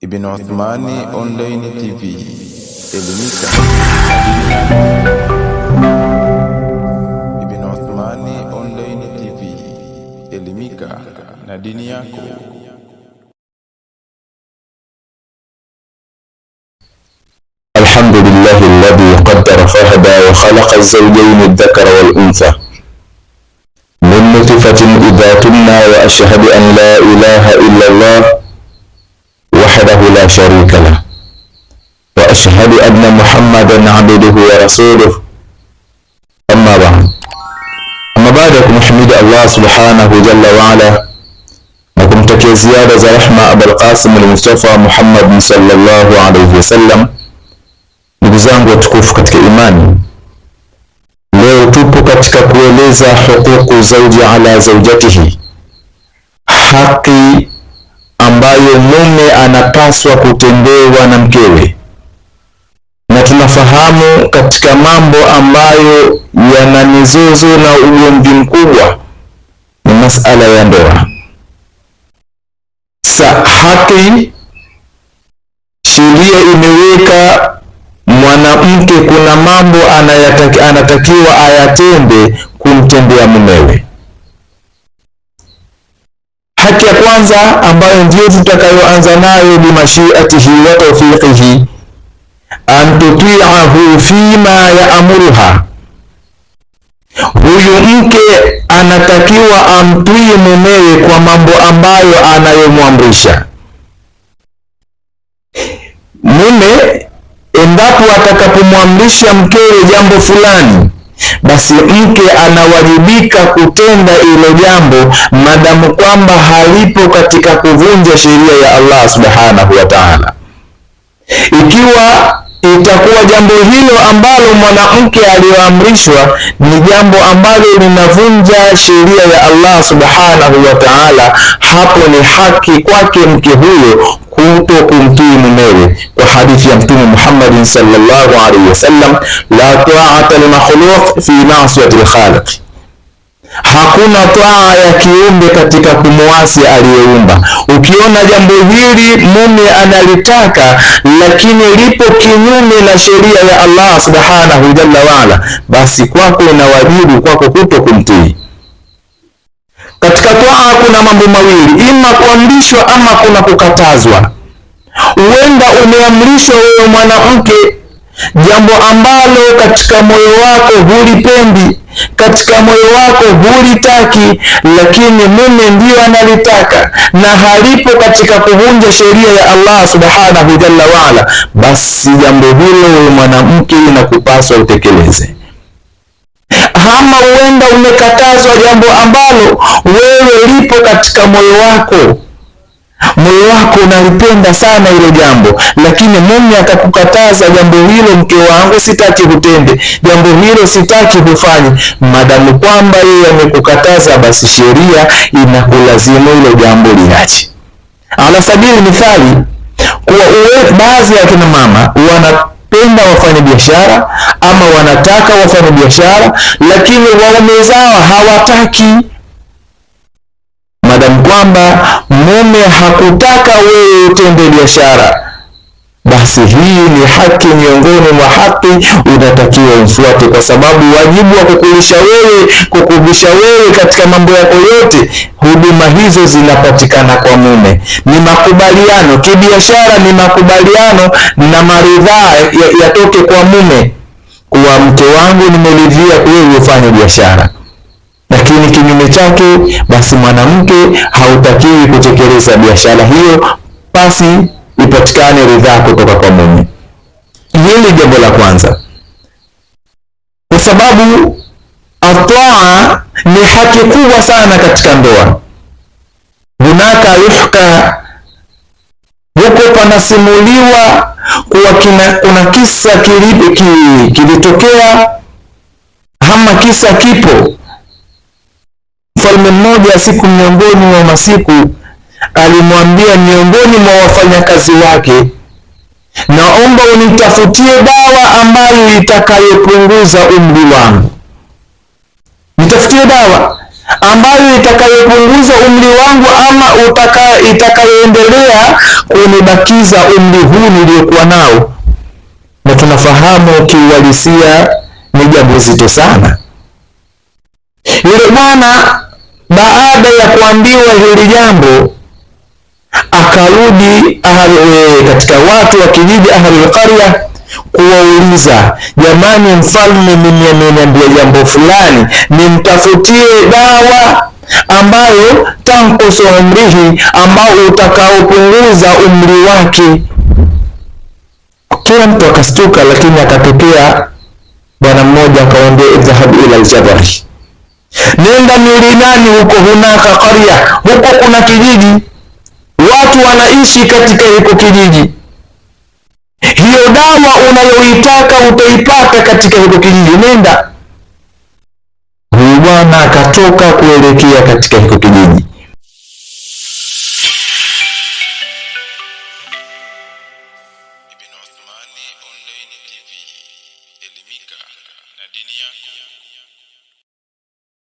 ابن عثمان اونلاين تي في Ibn ابن عثمان اونلاين تي في dini yako. الحمد لله الذي قدر فهدى وخلق الزوجين الذكر والأنثى من نطفة إذا تمنى وأشهد أن لا إله إلا الله وحده لا شريك له وأشهد أن محمدا عبده ورسوله أما بعد أما بعد نحمد الله سبحانه جل وعلا نكمتك زيادة za رحمة أبا القاسم المصطفى محمد صلى الله عليه وسلم ndugu zangu كتك إيمان لو leo كتك katika حقوق hukuku على زوجته حقي ambayo mume anapaswa kutendewa na mkewe, na tunafahamu katika mambo ambayo yana mizozo na ugomvi mkubwa ni masala ya ndoa. Sa haki sheria imeweka mwanamke, kuna mambo anatakiwa ayatende kumtendea mumewe Haki ya kwanza ambayo ndiyo tutakayoanza nayo, mashiatihi wa tawfiqihi, an tutiahu fima yaamuruha. Huyu mke anatakiwa amtii mumewe kwa mambo ambayo anayomwamrisha mume. Endapo atakapomwamrisha mkewe jambo fulani basi mke anawajibika kutenda ilo jambo madamu kwamba halipo katika kuvunja sheria ya Allah subhanahu wa ta'ala. Ikiwa itakuwa jambo hilo ambalo mwanamke aliyoamrishwa ni jambo ambalo linavunja sheria ya Allah subhanahu wa ta'ala, hapo ni haki kwake mke huyo kumtii mumewe kwa hadithi ya Mtume Muhammadin sallallahu alaihi wasallam, la taata lmakhluq fi masiyati lkhaliq Hakuna taa ya kiumbe katika kumwasi aliyeumba. Ukiona jambo hili mume analitaka lakini lipo kinyume na sheria ya Allah subhanahu jalla waala, basi kwako na wajibu kwako kuto kumtii. Katika twaa kuna mambo mawili, ima kuamrishwa ama kuna kukatazwa. Huenda umeamrishwa wewe mwanamke jambo ambalo katika moyo wako hulipendi, katika moyo wako hulitaki, lakini mume ndiyo analitaka na halipo katika kuvunja sheria ya Allah subhanahu jalla waala, basi jambo hilo wewe mwanamke inakupaswa utekeleze ama huenda umekatazwa jambo ambalo wewe lipo katika moyo wako moyo wako unalipenda sana hilo jambo, lakini mume akakukataza jambo hilo, mke wangu, sitaki kutende jambo hilo, sitaki kufanye. Madamu kwamba yeye amekukataza, basi sheria inakulazimu hilo jambo liache. Ala sabili mithali, kuwa baadhi ya kina mama wana wanapenda biashara ama wanataka biashara lakini waume zao hawataki. Madamu kwamba mume hakutaka wewe utende biashara basi hii ni haki miongoni mwa haki, unatakiwa umfuate, kwa sababu wajibu wa kukulisha wewe, kukubisha wewe katika mambo yako yote, huduma hizo zinapatikana kwa mume. Ni makubaliano kibiashara, ni makubaliano na maridhaa yatoke ya kwa mume kuwa mke wangu nimeridhia wewe ufanye biashara lakini kinyume chake, basi mwanamke hautakiwi kutekeleza biashara hiyo pasi ipatikane ridhaa kutoka kwa Mungu. Hili jambo la kwanza, kwa sababu ataa ni haki kubwa sana katika ndoa. Hunaka yuhka, huko panasimuliwa kuwa kuna kisa kilitokea, ama kisa kipo. Mfalme mmoja siku miongoni mwa masiku alimwambia miongoni mwa wafanyakazi wake, naomba unitafutie dawa ambayo itakayopunguza umri wangu, nitafutie dawa ambayo itakayopunguza umri wangu ama utaka itakayoendelea kunibakiza umri huu niliyokuwa nao. Na tunafahamu kiuhalisia ni jambo zito sana. Yule bwana baada ya kuambiwa hili jambo akarudi ahali, e, katika watu wa kijiji ahlul qarya kuwauliza jamani, mfalme mimi ameniambia jambo fulani, nimtafutie dawa ambayo tankusu umrihi, ambao utakaopunguza umri wake. Kila mtu akastuka, lakini akatokea bwana mmoja akawambia idhhab ila aljabali, nenda miulinani huko, hunaka qarya, huko kuna kijiji watu wanaishi katika hiko kijiji. Hiyo dawa unayoitaka utaipata katika hiko kijiji, nenda. Huyu bwana akatoka kuelekea katika hiko kijiji